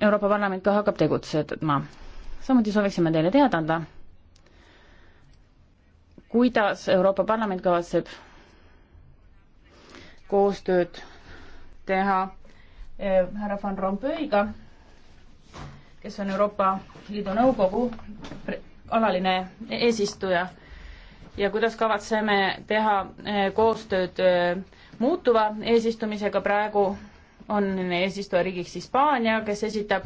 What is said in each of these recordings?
Euroopa Parlament ka hakkab tegutsema. samuti sooviksime teile teada anda, kuidas Euroopa Parlament kavatseb koostööd teha eh, härra Van Rompuyga, kes on Euroopa Liidu Nõukogu alaline eesistuja ja kuidas kavatseme teha eh, koostööd eh, muutuva eesistumisega praegu on eesistujariigiks Hispaania, kes esitab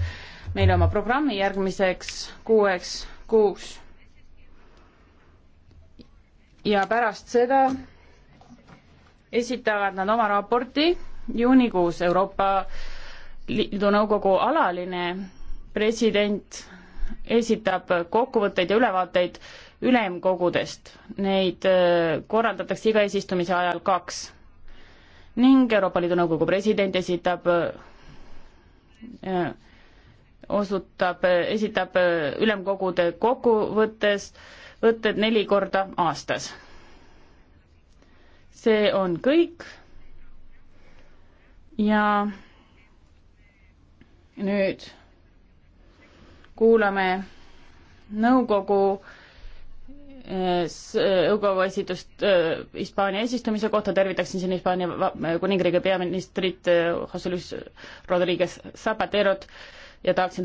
meile oma programmi järgmiseks kuueks kuuks. ja pärast seda esitavad nad oma raporti juunikuus Euroopa Liidu Nõukogu alaline president esitab kokkuvõtteid ja ülevaateid ülemkogudest, neid äh, korraldatakse iga eesistumise ajal kaks ning Euroopa Liidu Nõukogu president esitab äh, osutab, esitab äh, ülemkogude kokkuvõttes, võtted neli korda aastas. see on kõik ja nüüd kuulame nõukogu Eukogu äh, esitust äh, Hispaania eesistumise kohta, tervitaksin siin Hispaania äh, kuningriigi peaministrit Jose Luis Rodriguez Zapaterot ja tahaksin